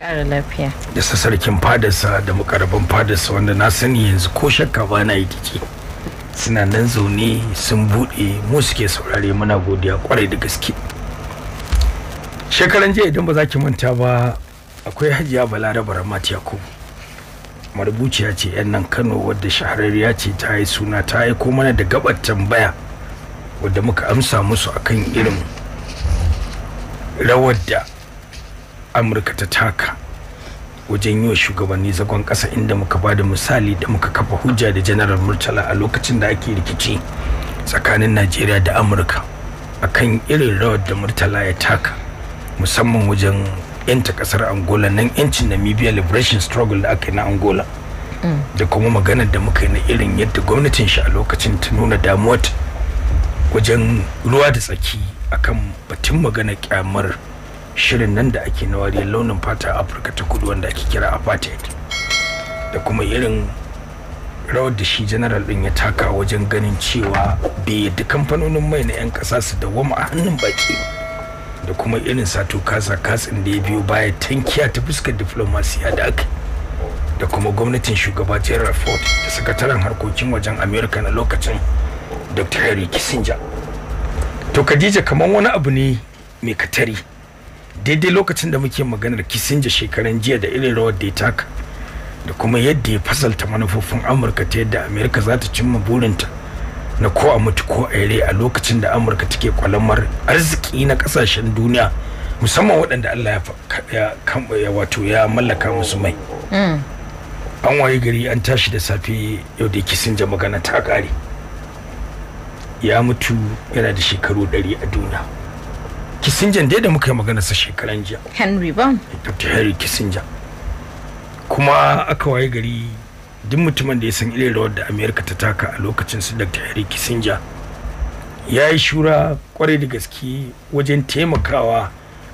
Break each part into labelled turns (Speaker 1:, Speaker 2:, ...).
Speaker 1: Ƙara lafiya.
Speaker 2: Da sa sarkin fadarsa da mukarabin fadarsa wanda na sani yanzu ko shakka ba na yi kici. Suna nan zaune sun buɗe mu suke saurare muna godiya kwarai da gaske. Shekaran jiya idan ba za ki manta ba akwai hajiya balaraba ramat yakubu marubuciya ce yan nan kano wadda shahararriya ce ta yi suna ta yi mana da gabar tambaya wadda muka amsa musu akan irin rawar da amurka ta taka wajen yi wa shugabanni zagon ƙasa inda muka ba da misali da muka kafa hujja da general murtala a lokacin da ake rikici tsakanin najeriya da amurka akan irin rawar da murtala ya taka musamman wajen yanta kasar angola nan yancin namibia liberation struggle da aka yi na angola da kuma magana da muka yi na irin yadda gwamnatin shi a lokacin ta nuna damuwa wajen ruwa da tsaki akan batun magana kyamar shirin nan da ake na wariyar launin fata afirka ta kudu wanda ake kira apartheid da kuma irin rawar da shi general din ya taka wajen ganin cewa bai yadda kamfanonin mai na 'yan kasa su dawwama a hannun baki da kuma irin sato kasa katsin da ya biyo baya tankiya ta fuskar diplomasiya da aka da kuma gwamnatin shugaba gerald ford da sakataren harkokin wajen america na lokacin dr harry kissinger to khadija kamar wani abu ne mai katari daidai lokacin da muke maganar kisinja shekaran jiya da irin rawar da ya taka da kuma yadda ya fasalta manufofin amurka ta yadda amerika za ta cimma burinta na ko a mutu ko a yare a lokacin da amurka take kwalamar arziki na kasashen duniya musamman waɗanda allah ya wato ya mallaka musu mai mm. an waye gari an tashi da safe yau da kisinja magana ta ƙare ya mutu yana da shekaru ɗari a duniya kissinger dai da muka yi magana sa shekaran jiya
Speaker 1: henry Bam.
Speaker 2: dr henry kissinger kuma aka waye gari duk mutumin da ya san irin rawar da amerika ta taka a lokacin su dr henry kissinger ya yi shura kwarai da gaske wajen taimakawa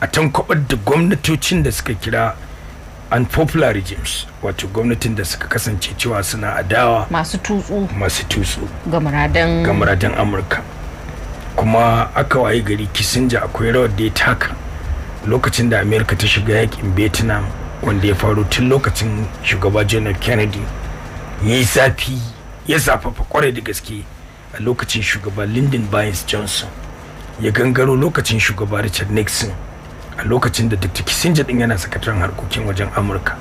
Speaker 2: a tankwabar da gwamnatocin da suka kira unpopular regimes wato gwamnatin da suka kasance cewa suna adawa masu tutsu masu tutsu
Speaker 1: ga muradan
Speaker 2: amurka kuma aka waye gari kisinja akwai rawar da ya taka lokacin da amerika ta shiga yakin vietnam wanda ya faru tun lokacin shugaba janar kennedy ya yi zafi ya zafafa kwarai da gaske a lokacin shugaba lyndon baines johnson ya gangaro lokacin shugaba richard nixon a lokacin da dr kisinja din yana sakataren harkokin wajen amurka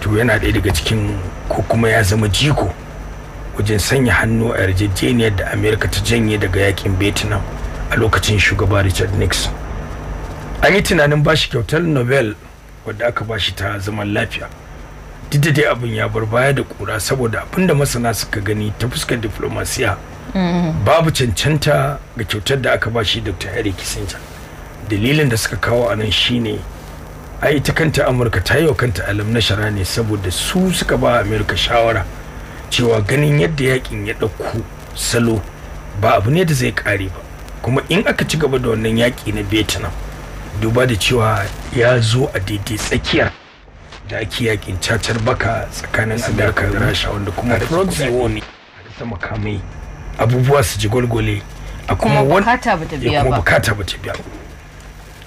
Speaker 2: to yana ɗaya daga cikin ko kuma ya zama jiko wajen sanya hannu a yarjejeniyar da amerika ta janye daga yakin vietnam a lokacin shugaba richard nixon an yi tunanin bashi kyautar nobel wadda aka ba shi ta zaman lafiya duk da dai abin ya bar baya da kura saboda abin masana suka gani ta fuskar diflomasiya mm. babu cancanta ga kyautar da aka bashi dr harry kissinger dalilin da suka kawo a nan shine a ta kanta amurka ta yi wa kanta alam na shara ne saboda su suka ba amurka shawara cewa ganin yadda yakin ya ɗauko salo ba abu ne da zai ƙare ba kuma in aka ci gaba da wannan yaki na vietnam duba da cewa ya zo a daidai tsakiyar da ake yakin cacar baka tsakanin amurka da rasha wanda kuma da proxy war ne da makamai abubuwa su ji gwalgwale a kuma bukata ba ta biya ba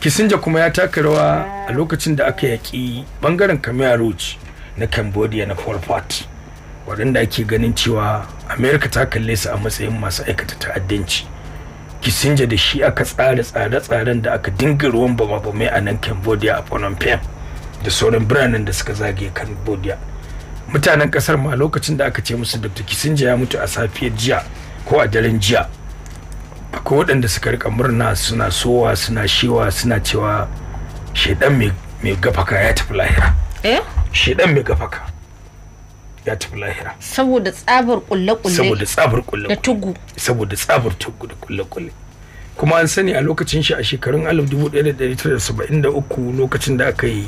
Speaker 2: kisinja kuma ya taka rawa a lokacin da aka yaƙi bangaren kamiya roach na cambodia na pol pot waɗanda ake ganin cewa amerika ta kalle su a matsayin masu aikata ta'addanci kisinja da shi aka tsara tsare-tsaren da aka dinga ruwan bama a nan cambodia a phnom penh da sauran biranen da suka zage cambodia mutanen kasar ma lokacin da aka ce musu dr kisinja ya mutu a safiyar jiya ko a daren jiya akwai waɗanda suka rika murna suna sowa suna shewa suna cewa shaidan mai gafaka ya tafi lahira eh? shaidan mai gafaka ya tafi lahira
Speaker 1: saboda tsabar
Speaker 2: kulle kulle saboda tsabar kulle da tugu saboda tsabar tugu da kulle kulle kuma an sani a lokacin shi a shekarun 1973 lokacin da aka yi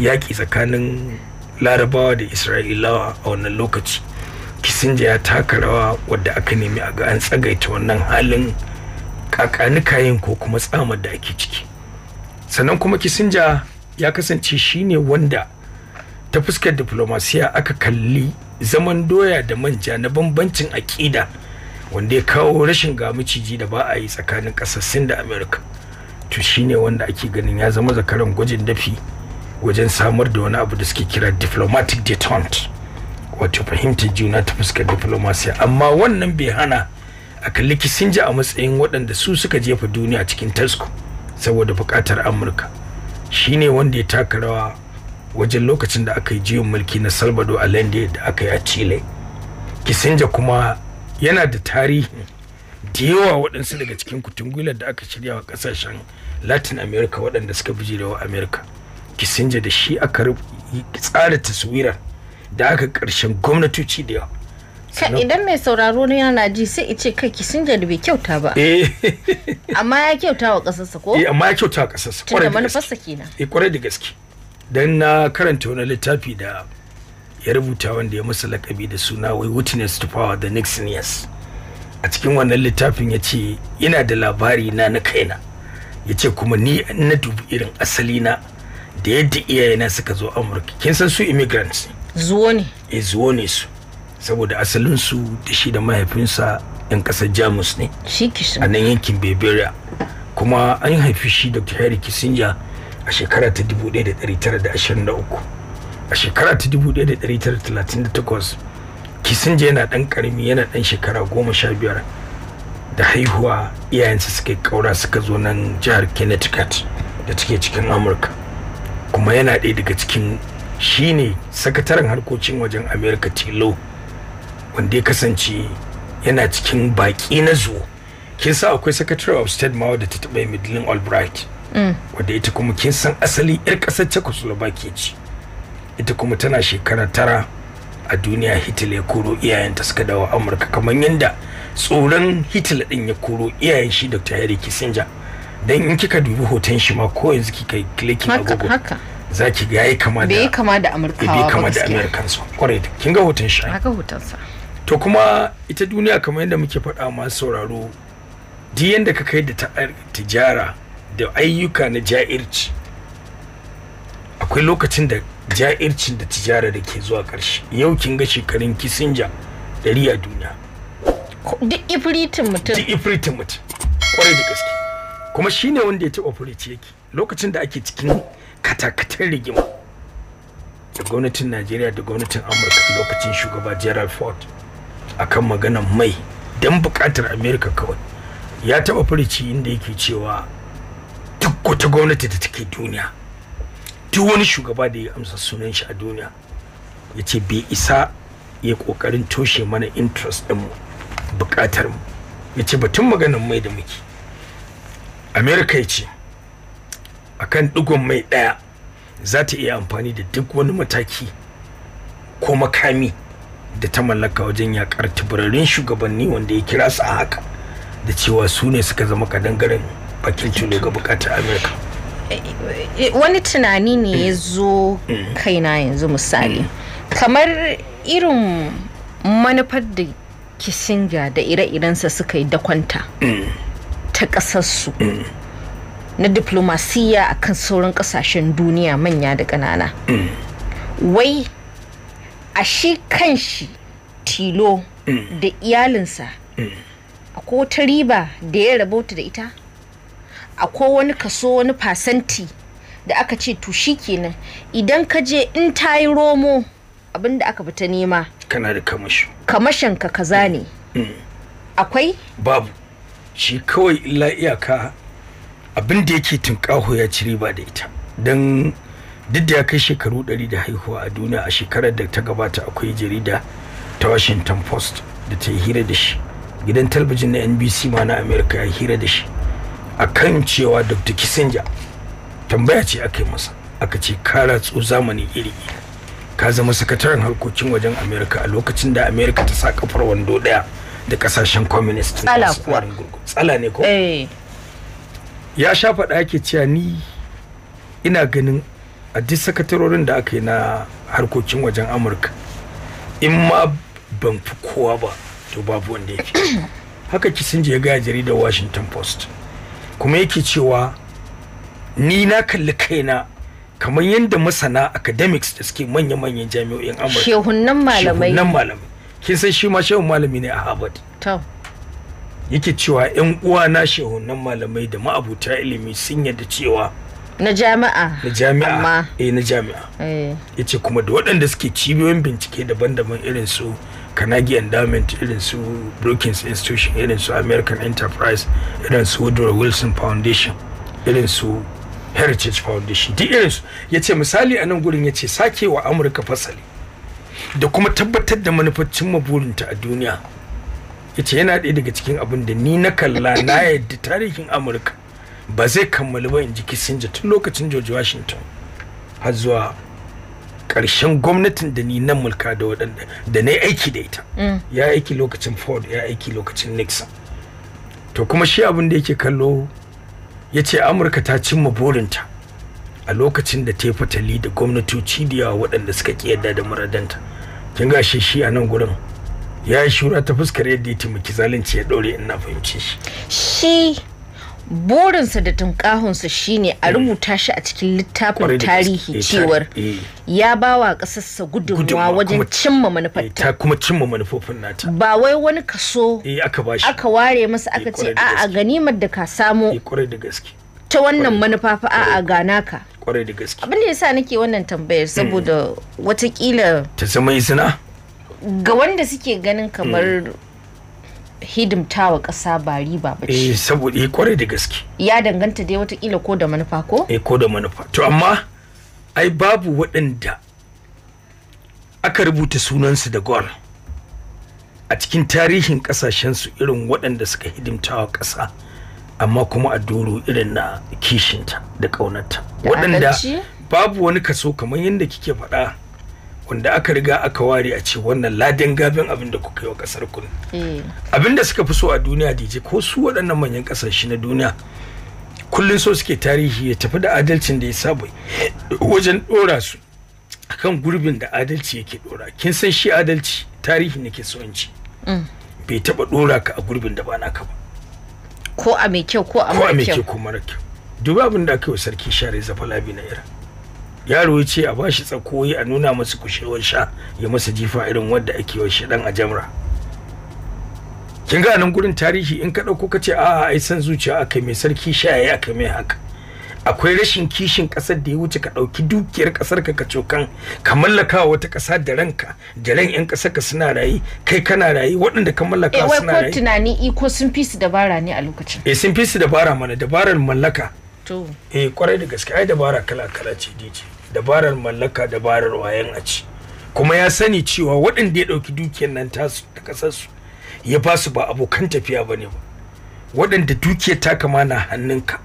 Speaker 2: yaƙi tsakanin larabawa da isra'ilawa a wannan lokaci kisinja ya taka rawa wadda aka nemi a ga an tsagaita wannan halin yin ko kuma tsamar da ake ciki sannan kuma kisinja ya kasance shine wanda ta fuskar diplomasiya aka kalli zaman doya da manja na bambancin aƙida wanda ya kawo rashin ga maciji da ba a yi tsakanin ƙasassun da amerika to shine wanda ake ganin ya zama zakaran gwajin dafi wajen samar da wani abu da suke kira diplomatic detente wato fahimtar juna ta fuskar diplomasiya amma wannan bai hana a kalli kisinja a matsayin waɗanda su suka jefa duniya cikin tasko saboda buƙatar amurka shine wanda ya taka rawa wajen lokacin da aka yi jiyon mulki na salvador allende da aka yi a chile kisinja kuma yana da tarihi da yawa waɗansu daga cikin kutungular da aka shirya wa ƙasashen latin america waɗanda suka fi wa america kisinja da shi aka tsara taswirar da aka ƙarshen gwamnatoci da yawa ka idan
Speaker 1: mai sauraro na yana ji sai i ce kai kisinja da bai kyauta ba eh. amma ya kyauta wa ƙasarsa ko eh, amma
Speaker 2: ya kyauta wa ƙasarsa kwarai da gaske don na karanta wani littafi da ya rubuta wanda ya masa lakabi da suna wai witness to power the next years a cikin wannan littafin ya ce yana da labari na na kaina ya ce kuma ni na dubi irin asali na da yadda iyayena suka zo amurka kin san su immigrants zuwo ne e zuwo ne su saboda asalinsu da shi da mahaifinsa yan kasar jamus ne a nan yankin bebera kuma an haifi shi da harry kissinger a shekara ta 1923 a shekara ta 1938 kisinja yana ɗan ƙarami yana ɗan shekara goma sha biyar da haihuwa iyayensa suke ƙaura suka zo nan jihar connecticut da take cikin amurka kuma yana ɗaya daga cikin shine sakataren harkokin wajen amerika tilo wanda ya kasance yana cikin baƙi na zuwa kin sa akwai secretary of state ma da ta taɓa midlin albright wadda ita kuma kin san asali 'yar ƙasar Czechoslovakia ce ita kuma tana shekara tara a duniya Hitler ya koro iyayenta suka dawo Amurka kamar yadda tsoron Hitler din ya koro iyayen shi Dr. Henry Kissinger dan in kika dubi hoton shi ma ko yanzu kika clicking a Google za ga yayi kama da bai kama da Amurkawa bai kama da Amurkan su kwarai da kin ga hoton shi haka hoton sa to kuma ita duniya kamar yadda muke faɗa masu sauraro duk yanda ka kai da ta tijara da ayyuka na ja'irci akwai lokacin da ja'ircin da tijara da ke zuwa ƙarshe yau kin ga shekarun kisinja da riya duniya duk ifritin mutum duk ifritin mutum kwarai da gaske kuma shine wanda ya taɓa furici yake lokacin da ake cikin katakatar rigima da gwamnatin najeriya da gwamnatin amurka lokacin shugaba gerald ford akan maganar mai don bukatar amerika kawai ya taɓa furici inda yake cewa ko ta gwamnati da take duniya duk wani shugaba da ya amsa sunan shi a duniya ya ce bai isa ya kokarin toshe mana interest din mu bukatar mu ya ce batun maganar mai da muke america ya ce akan digon mai daya za ta iya amfani da duk wani mataki ko makami da ta mallaka wajen yakar tuburarin shugabanni wanda ya kira su a haka da cewa su ne suka zama kadangaren wakilci ne ga bukatar amurka
Speaker 1: wani tunani ne ya zo kaina yanzu misali kamar irin manufar da kisinja da ire-irensa suka yi dakwanta ta ƙasarsu na diplomasiya a kan sauran ƙasashen duniya manya da ƙanana wai a shi kan shi tilo da iyalinsa a ko ta riba da ya rabauta da ita akwai wani kaso wani fasanti da aka ce to kenan idan ka je in ta yi romo abinda aka fita nema
Speaker 2: kana da kamashin
Speaker 1: kamashin ka
Speaker 2: kaza ne mm. akwai babu shi kawai illa iyaka abin da yake tunƙaho ya ci riba da ita don duk da ya kai shekaru 100 da haihuwa a duniya a shekarar da ta gabata akwai jarida ta washington post da ta yi hira da shi gidan talabijin na nbc ma na america ya hira da shi a kan cewa dr kissinger tambaya ce aka yi masa aka ce ka ratsu zamani iri ka zama sakataren harkokin wajen amerika a lokacin da amerika ta sa kafar wando daya da kasashen communist tsala kuwa tsala ne ko eh. ya sha faɗa ake cewa ni ina ganin a duk sakatarorin da aka yi na harkokin wajen amurka in ma ban fi kowa ba to babu wanda yake haka kisinje ya gaya jaridar washington post kuma yake cewa ni na kalli kaina kamar yadda masana academics da suke manya-manyan jami'o'in amurka shehunan malamai shehunan malamai kin san shi ma shehun malami ne a harvard to yake cewa yan uwa na shehunan malamai da ma'abuta ilimi sun yadda cewa na jami'a na jami'a eh na jami'a eh yace kuma da waɗanda suke cibiyoyin bincike daban-daban irin su kanagi endowment irin su brookings institution irin su american enterprise irin su woodrow wilson foundation irin su heritage foundation duk irin su ya ce misali a nan gurin ya ce sake wa amurka fasali da kuma tabbatar da manufacin maburinta a duniya ya ce yana ɗaya daga cikin abin da ni na kalla na yadda tarihin amurka ba zai kammalu ba in ji kisinja tun lokacin george washington har zuwa karshen gwamnatin da ni nan mulka da waɗanda da na aiki da ita mm. ya aiki lokacin ford ya aiki lokacin nixon to kuma shi abin da yake kallo ya ce amurka ta cimma burinta a lokacin da ta yi fatali da gwamnatoci da yawa waɗanda suka ƙi yadda da muradanta kin ga shi shi a nan gurin ya yi shura ta fuskar yadda ya taimaki zalunci ya ɗore ina fahimci
Speaker 1: shi burinsa da tunkahunsa shine a eh. rubuta shi a cikin littafin tarihi eh, cewar eh. ya ba wa ƙasarsa gudunmawa wajen cimma manufarta
Speaker 2: kuma cimma manufofin nata
Speaker 1: ba wai wani kaso aka ware masa aka ce a ganimar da ka samo ta wannan manufa fa a gana ka
Speaker 2: abin da ya abin
Speaker 1: da yasa nake wannan tambayar hmm. saboda watakila
Speaker 2: ta zama izina
Speaker 1: ga wanda suke ganin kamar hmm. hidimta wa ƙasa ba riba ba ce.
Speaker 2: Eh, saboda ya eh, kware da gaske.
Speaker 1: Ya danganta dai watakila ko da manufa ko?
Speaker 2: Eh ko da manufa. To amma ai babu waɗanda aka rubuta sunansu da gwal a cikin tarihin ƙasashensu irin waɗanda suka hidimta wa ƙasa amma kuma a doro irin na kishinta da ƙaunarta. Waɗanda babu wani kaso kamar yadda kike faɗa. wanda aka riga aka ware a ce wannan ladin gabin abin da kuka yi wa kasar ku eh. abin da suka fi so a duniya dj ko su waɗannan manyan kasashe na duniya kullum so suke tarihi ya tafi da adalcin da ya saba wajen ɗora su akan gurbin da adalci yake ɗora kin san shi adalci tarihi ke so in ci mm. bai taɓa ɗora ka a gurbin da ba naka ba ko a mai kyau ko a mara kyau ko a mai kyau ko mara kyau duba abin da aka yi wa sarki share zafalabi na iran yaro ya ce a ba shi tsakoyi a nuna masu kushewar sha ya masa jifa irin wadda ake wa dan a jamra kin ga nan gurin tarihi in ka dauko ka ce a ai san zuciya akai mai sarki sha ya akai mai haka akwai rashin kishin ƙasar da ya wuce ka ɗauki dukiyar ƙasar ka cokan ka mallaka wata ƙasa da ranka da ran 'yan ƙasar ka suna rayi kai kana rayi waɗanda ka mallaka suna rayi Eh wai ko
Speaker 1: tunani iko sun fi su dabara ne a lokacin.
Speaker 2: Eh sun fi su dabara mana dabarar mallaka. To. Eh kwarai da gaske ai dabara kala kala ce dije dabarar mallaka dabarar wayan a ci kuma ya sani cewa waɗanda ya ɗauki dukiyar nan tasu ta ƙasarsu ya ba su ba abokan tafiya ba ne ba waɗanda dukiyar ta kama na hannunka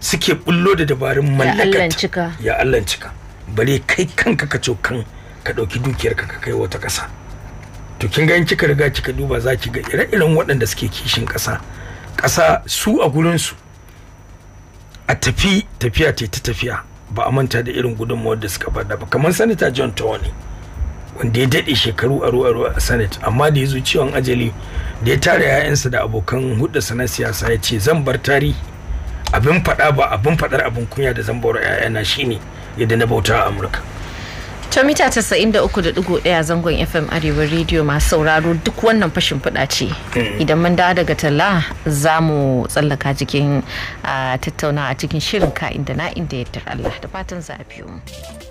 Speaker 2: suke bullo da dabarun mallaka ya allan cika bare kai kanka ka ce kan ka ɗauki dukiyar ka kai wata ƙasa to kin ga kika riga kika duba za ki ga ire-iren waɗanda suke kishin ƙasa ƙasa su a gurinsu a tafi tafiya ta tafiya ba a manta da irin gudunmawar da suka fada ba kamar sanata john tony wanda ya daɗe shekaru aro aro a senate amma da ya zo ciwon ajali da ya tara yayansa da abokan hudu na siyasa ya ce zan bar tarihi abin faɗa ba abin faɗar abin kunya da zan bawar 'ya'yana shine yadda na bauta a amurka
Speaker 1: To mita 93.1 zangon FM Arewa Radio masu sauraro duk wannan fashin fuda ce. Eh. Idan mun dawo daga talla za mu tsallaka jikin ah, tattauna a cikin shirin ka inda na inda ya Allah da fatan za a biyo